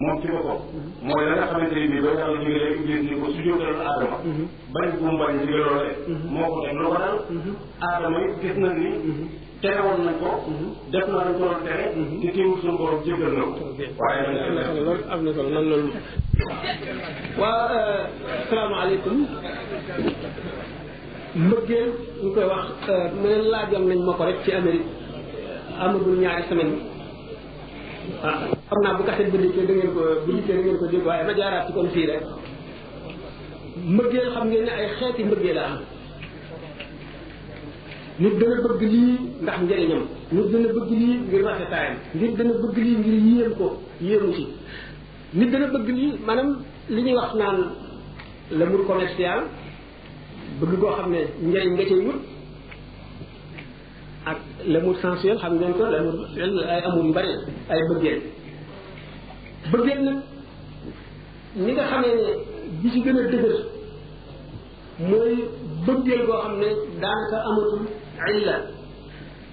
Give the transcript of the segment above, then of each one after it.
moom ci boppam. mooy la nga xamante ne bii ba yàlla ñu gis ni ko su jóotaloon aadama. bañ bu mu bañ ñu ngi mhm. moo ko teg lu mhm. na ni. Mhm. terewoon nañ ko. def naa dañ ko doon tere. te teewul ko. waaye nag loolu. waa euh, salaamaaleykum. mbëggeel ñu koy wax mu ne laajoon nañ ma ko rek ci Amérique amagul ñaari semaine xam naa bu kaset bi dikkee da ko bu dikkee da ngeen ko dégg waaye ma jaaraat ci kon fii rek mbëggeel xam ngeen ne ay xeeti mbëggeel la am nit dana bëgg lii ndax njëriñam nit dana bëgg lii ngir rafetaayam nit dana bëgg lii ngir yéem ko yéemu ci nit dana bëgg lii maanaam li ñuy wax naan l'amour commercial bëgg koo xam ne njëriñ nga cay wut l'amour sensuel xam ngeen ko l'amour sensuel ay amour yu bari ay bëggeel bëggeel nag ni nga xamee ne bi ci gën a dëgër mooy bëggeel goo xam ne daanaka amatul illa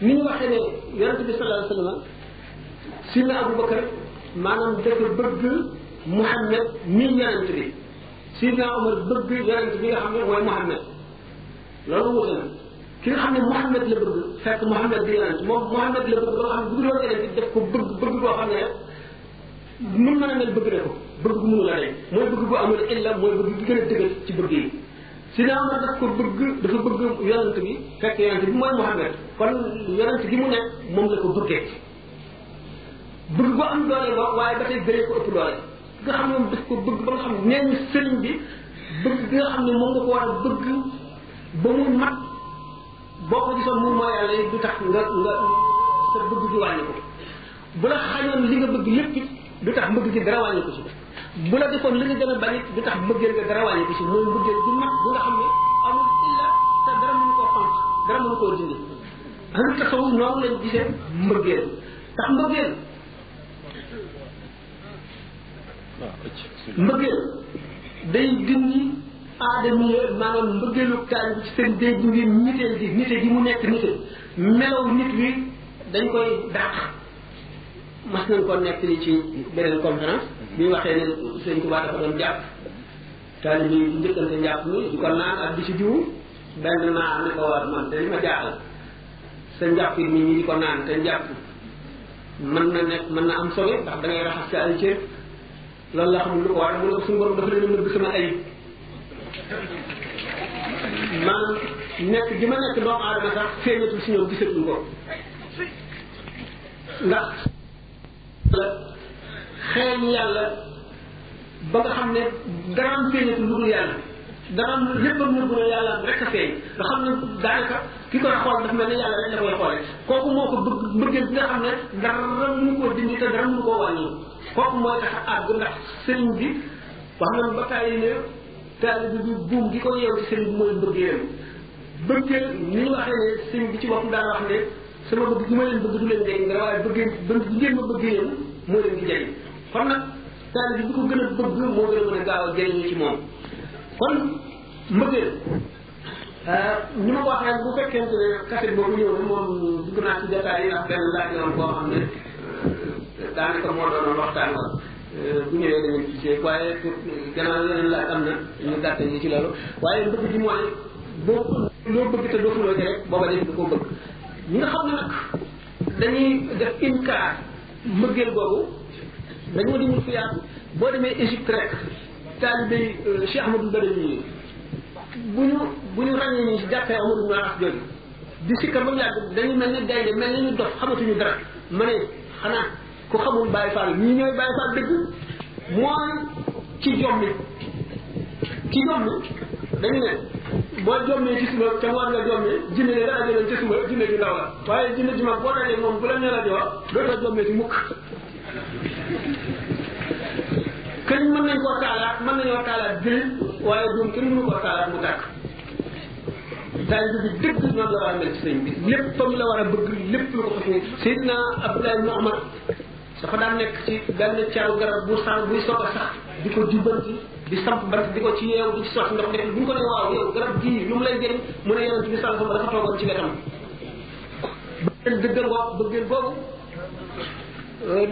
ni ñu waxee ne yonente bi sallallahu alayhi wasallam sina abou bakar maanaam dafa bëgg muhammad mii yonente bi sidna omar bëgg yonente bi nga xam ne mooy muhammad loolu wute ki nga xam ne muhammad la bëgg fekk Mouhamed di yonent moom Mouhamed la bëgg ba nga xam ne bëgg doon yonent def ko bëgg bëgg boo xam ne mun mën a mel bëgg na ko bëgg bu mënul a rey mooy bëgg bu amul illa mooy bëgg bi gën a dëgër ci bëgg yi Sidna Omar daf ko bëgg dafa bëgg yonent bi fekk yonent bi mooy Mouhamed kon yonent gi mu nekk moom la ko bëggee bëgg bu am doole ba waaye ba tey bëree ko ëpp doole nga xam ne moom daf ko bëgg ba nga xam ne nee ñu sëriñ bi bëgg bi nga xam ne moom nga ko war a bëgg ba mu mat boo ko gisoon mu mooy yàlla yi du tax nga nga sa bëgg gi wàññi ko bu la xañoon li nga bëgg lépp du tax mbëgg gi dara wàññi ko bu la defoon li nga gën a bañ it du tax mbëggeel nga dara wàññi ko ci mooy mbëggeel bi mag bu nga xam ne amul illa te dara mënu koo fonk dara mënu koo dindi am taxawu noonu lañ gisee mbëggeel tax mbëggeel ah, mbëggeel day dindi adam manam mbëggelu taal ci seen deej ngi nitel gi nité gi mu nekk nité melaw nit wi dañ koy dàq mas nañ ko nekk ni ci beneen conférence bi waxee ne sëñ Tuubaa dafa doon jàpp taal bi njëkkante jàpp ni di ko naan ak di ci diw benn naa ne ko war man dañ ma jaaxal sa njàpp mi ñi di ko naan te njàpp mën na na am sobe ndax da ngay raxas sa ay cër loolu la xamul lu war mu ko suñu borom dafa leen nëbb sama ay maanaam nekk gi ma nekk doomu aadama sax feeñatul si ñoom gisatuñ ko ndax xeeñ yàlla ba nga xam ne daraam feeñatul lu dul yàlla daraam lépp am nëbbu na yàlla rek a feeñ nga xam ne daanaka ki koy xool dafa mel ne yàlla rek la xoolee kooku moo ko bëgg bëggeel bi nga xam ne dara mënu koo dindi te dara mënu koo wàññi kooku mooy tax a àgg ndax sëriñ bi wax nañu ba taay ne taalibe bi buum gi ko yeew ci sëriñ bi mooy mbëggeel bëggeel ni ñu waxee ne sëriñ bi ci boppam daan wax ne sama bëgg gi ma leen bëgg du leen jëriñ nga waaye bëggee bëgg gi ngeen ma bëggee yéen moo leen di jëriñ kon nag taalibe bi ko gën a bëgg moo gën a mën a gaaw a jëriñu ci moom kon mbëggeel ñu euh, ma ko wax nag bu fekkente ne kaset boobu ñëw moom dugg naa ci détails yi ndax benn laaj la Euh, bu ñëwee da ngeen ci waaye pour gannaaw leneen la am na ñu gàtte ñi ci loolu waaye bëgg gi mooy boo loo bëgg te dootuloo ci rek booba def du ko bëgg ñi nga xam ne nag dañuy def inkaar mbëggeel boobu dañoo di mul fi yaatu boo demee Égypte rek taalibe euh, Cheikh Ahmadou Badawi bu ñu bu ñu ràññee ñi si jàppee Amadou Maras jooju di sikkar ba mu yàgg dañuy mel ni gaynde mel ni ñu dof xamatuñu dara ma ne xanaa ku xamul Baye Fall ñi ñooy Baye Fall dëgg mooy ci jommi ci jommi dañu ne boo jommee ci suba te war nga jommee jinne ne dara jëloon ci suba jinne ju ndaw la waaye jinne ju mag boo dajee moom bu la ñu la di wax dootoo jommee ci mukk këñ mën nañ koo taalaat mën nañoo taalaat jëli waaye doom kenn mënu koo taalaat mu tàkk taalibe bi dëgg noonu la war a mel ci sëñ bi léppam la war a bëgg lépp lu ko xas ne Seydina Abdoulaye Mouhamad dafa daan nekk ci benn ceeru garab bu san buy soog a sax di ko jubbanti di samp barab di ko ci yeew di ci sotti ndox ñu ko ne waaw gii lu mu lay jëriñ mu ne yonent bi sànq dafa toogoon ci wetam bëggeen dëggal boobu bëggeen boobu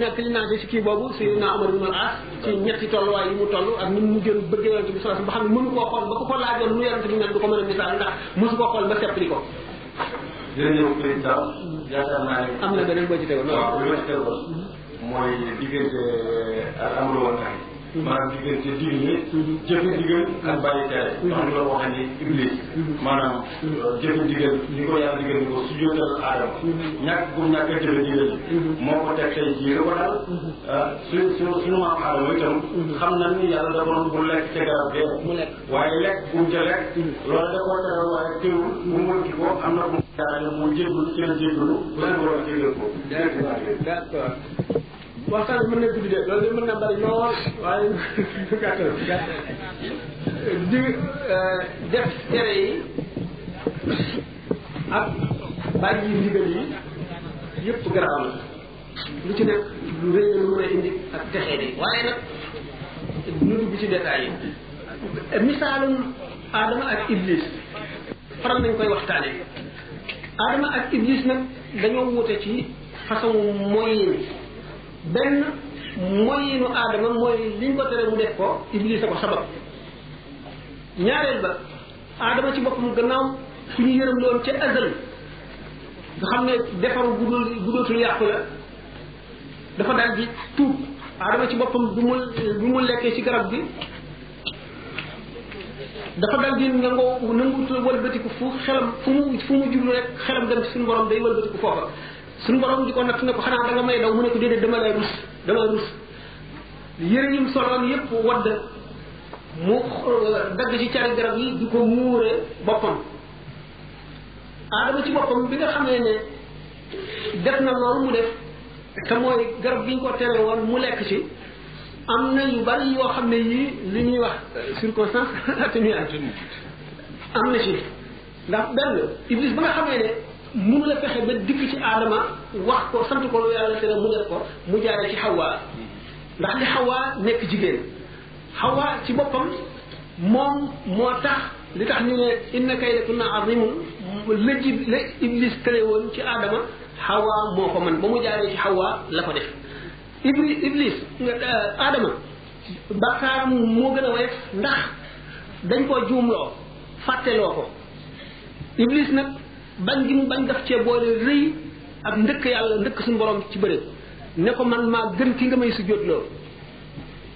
nekk li naan si kii boobu si naa Omar ibn al-As ci ñetti tolluwaay yi mu toll ak ni mu gën bëgg yonent bi sànq ba xam ne mënu koo xool ba ko ko laajoon nu yonent bi mel du ko mën a misaal ndax mosu koo ko jërëjëf président yaakaar naa ne am na beneen boo ci tegoon mooy diggante al amru wa nahy maanaam diggante digle jëfe digal ak bàyyi tere ndax ñu doon waxee ni iblis maanaam euh, jëfe digal ni ko yàlla digal ni ko sujjóotal aadama ñàkk bu ñàkk a jëfe digal yi moo ko teg tey jii ko dal euh, su su suñu maam aadama itam xam na ni yàlla da doon bu lekk ca garab bee lekk bu mu ca lekk loolu da koo teral waaye teewul bu moytu ko am na bu mu jaarale mu jéggalu ci la jéggalu ba suñu borom jéggal ko d'accord waxtaan bi mën na guddi de loolu de mën na bari lool waaye gàttal gàttal di euh, def tere yi ak bàyyi yi ndigal yi yëpp garaaw la lu ci nekk lu rëy la a indi ak texee di waaye nag ñu dugg ci détails yi misaalum Adama ak Iblis faral nañ koy waxtaane Adama ak Iblis nag dañoo wute ci façon moyen benn moyinu aadama mooy liñ ko tere mu def ko Iblis a ko sabab ñaareel ba aadama ci boppam gannaaw ku ñu yërëm loon ca azal nga xam ne defaru gudul gudootul yàqu la dafa daal di tuub aadama ci boppam bu mu bu mu lekkee ci garab bi dafa dal di nangoo nangutul wëlbatiku fu xelam fu mu fu mu jublu rek xelam dem ci suñu day wëlbatiku foofa suñu borom di ko natt ne ko xanaa da nga may daw mu ne ko déedéet dama lay rus dama rus yére yim soloon yépp wadd mu dagg ci cari garab yi di ko muure boppam aadama ci boppam bi nga xamee ne def na loolu mu def te mooy garab bi ñu ko tere woon mu lekk ci am na yu bari yoo xam ne yii li ñuy wax circonstance atténuante am na ci ndax benn iblis ba nga xamee ne mënu la fexe ba dikk ci aadama wax ko sant ko lu yàlla tere mu def ko mu jaare ci xawaa ndax li xawaa nekk jigéen xawaa ci boppam moom moo tax li tax ñu ne inna kaydakunna azimun la ji la iblis tere woon ci aadama xawaa moo ko mën ba mu jaaree ci xawaa la ko def iblis iblis aadama euh, bàkkaaram moo gën a woyof ndax dañ koo juumloo fàtteloo ko iblis nag bañ gi mu bañ daf cee boole rëy ak ndëkk yàlla ndëkk suñu borom ci bëri ne ko man maa gën ki nga may sujjóot loolu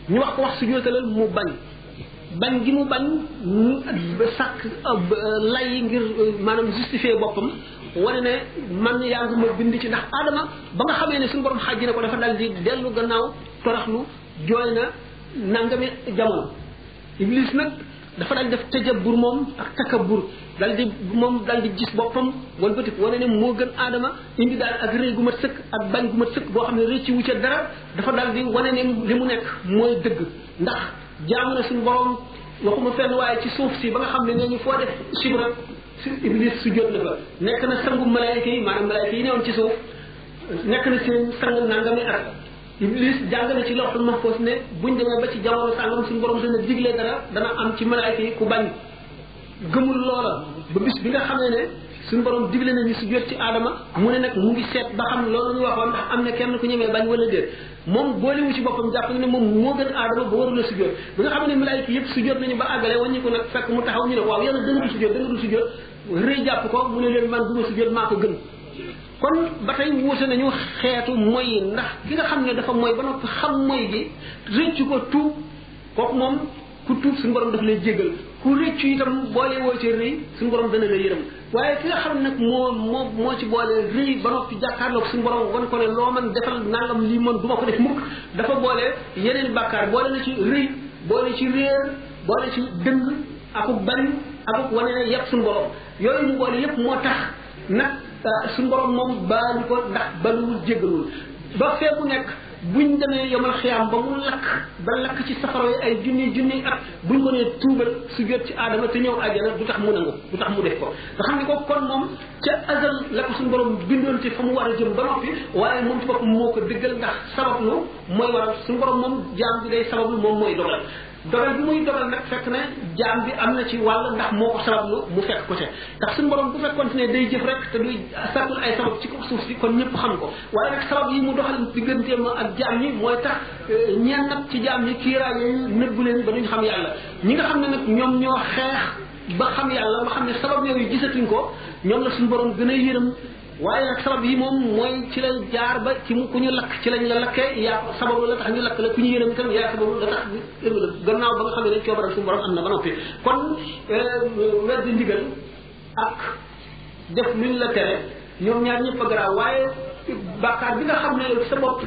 ñu wax ko wax sujjóotalal mu bañ bañ gi mu bañ mu sàkk lay ngir maanaam justifier boppam wane ne man yaa ngi ma bind ci ndax aadama ba nga xamee ne suñu borom xàjji na ko dafa dal di dellu gannaaw toraxlu jooy na nangami jamono iblis nag dafa daan def tëjabur moom ak takabur dal di moom dal di gis boppam walbati wane ne moo gën aadama indi daal ak rëy gu mat sëkk ak bañ gu mat sëkk boo xam ne rëcc wu ca dara dafa dal di wane ne li mu nekk mooy dëgg ndax jaamu na suñu borom waxuma fenn waaye ci suuf si ba nga xam ne nee ñu foo def sibra si iblis su jot na fa nekk na sangu malaayika yi maanaam malaayika yi newoon ci suuf nekk na seen sangu nangami arab iblis jàng na ci ma fos ne buñ demee ba ci jamono sàngam suñ borom dana digle dara dana am ci malaayka yi ku bañ gëmul loola ba bis bi nga xamee ne suñ borom digle na ñu su jot ci aadama mu ne nag mu ngi seet ba xam loolu ñu waxoon ndax am na kenn ku ñemee bañ wala déet moom wu ci boppam jàpp ne moom moo gën aadama ba warula su jot bi nga xam ne malaayka yëpp su jot nañu ba àggale wàññi ko nag fekk mu taxaw ñu ne waaw yàlla dana du su jot dana du su jot rëy jàpp ko mu ne leen man du ma su jot maa ko gën kon ba tey wuute nañu xeetu mooy ndax ki nga xam ne dafa mooy ba noppi xam mooy gi rëccu ko tuub kooku moom ku tuub suñu borom daf lay jéggal ku rëccu itam boole woo ci rëy suñu borom dana la yërëm waaye ki nga xam moo moo ci boole rëy ba noppi jàkkaarloog suñu borom wan ko ne loo man defal nangam lii ma ko def dafa boole yeneen bàkkaar boole na ci rëy boole ci réer boole ci dënd akub bañ akub wane ne yàq suñu borom yooyu ñu boole yépp moo tax nag suñu borom moom baalu ko ndax baluwul jégalul ba fee mu nekk buñ yom yomal xiyaam ba mu lakk ba lakk ci safara yi ay junni junni at buñ ko nee tuubal su jot ci aadama te ñëw àjjana du tax mu nangu du tax mu def ko nga xam ne ko kon moom ca azal la ko suñu borom bindoon ci fa mu war a jëm ba noppi waaye moom ci boppam moo ko dëggal ndax sabablu mooy waral suñu borom moom jaam bi day sabablu moom mooy dogal dogal bi muy dogal nag fekk ne jaam bi am na ci wàll ndax moo ko sabablu mu fekk ko ca ndax suñu boroom bu fekkoon ne day jëf rek te duy sàkkul ay sabab ci ko suuf si kon ñëpp xam ko waaye nag sabab yi mu doxal digganteem ak jaam ñi mooy tax euh, ñeen nag ci jaam ñi kiiraay yooyu nëbbu leen ba duñ xam yàlla ñi nga xam ne nag ñoom ñoo xeex ba xam yàlla ba xam ne sabab yi gisatuñ ko ñoom la suñu borom gën a yërëm waaye nag sabab yi moom mooy ci la jaar ba ci mu ku ñu lakk ci lañ la lakkee yaa sababu la tax ñu lakk la ku ñu yéenam itam yaa sababu la tax ñu ërwi gannaaw ba nga xam ne coobaral suñu borom am na ba noppi kon euh, di ndigal ak def luñ la tere ñoom ñaar ñëpp a garaaw waaye bàkkaar bi nga xam ne sa bopp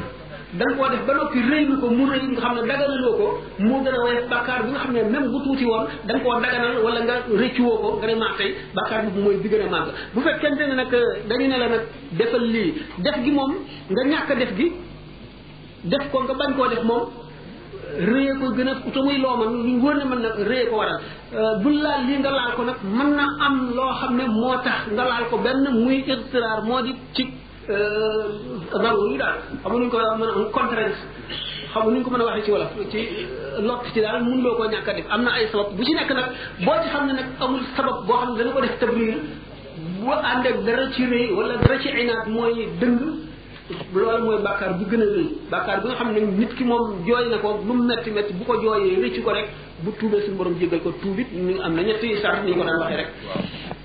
danga koo def ba noppi rëylu ko mu rëy nga xam ne daganaloo ko mu gën a woyof bàkkaar bi nga xam ne même bu tuuti woon da nga koo daganal wala nga rëccuwoo ko nga ne maa tey bàkkaar bi mooy bi gën a màgg bu fekkente ne nag dañu ne la nag defal lii def gi moom nga ñàkk def gi def ko nga bañ koo def moom réye ko gën a te muy loo man lu wóor ne man nag réye ko waral buñ laal lii nga laal ko nag mën na am loo xam ne moo tax nga laal ko benn muy irtiraar moo di ci nanguñu daal xamuñu ko mën a am contrainte xamuñu ko mën a waxee ci wolof ci lott ci daal mën loo koo ñàkk a def am na ay sabab bu ci nekk nag boo ci xam ne nag amul sabab boo xam ne dana ko def tabliir bu ànd ak ci wala dara ci inaat mooy dëng loolu mooy bàkkaar bu gën a rëy bàkkaar xam ne nit ki moom jooy na ko lu mu metti metti bu ko jooyee rëcc ko rek bu tuubee suñu borom jéggal ko tuubit ñu am na ñetti sart ni ñu ko daan waxee rek.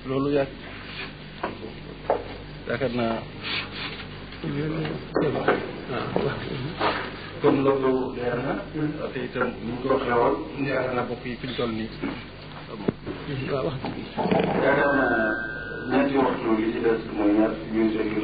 loolu yaakaar naa. kon ah. loolu leer na te itam ñu ko waxee woon leer na bokk yi fi ñu toll nii. Mm-hmm. Ah waaw wax dëgg. yaakaar naa ñeenti waxtu li ci des mooy ñaar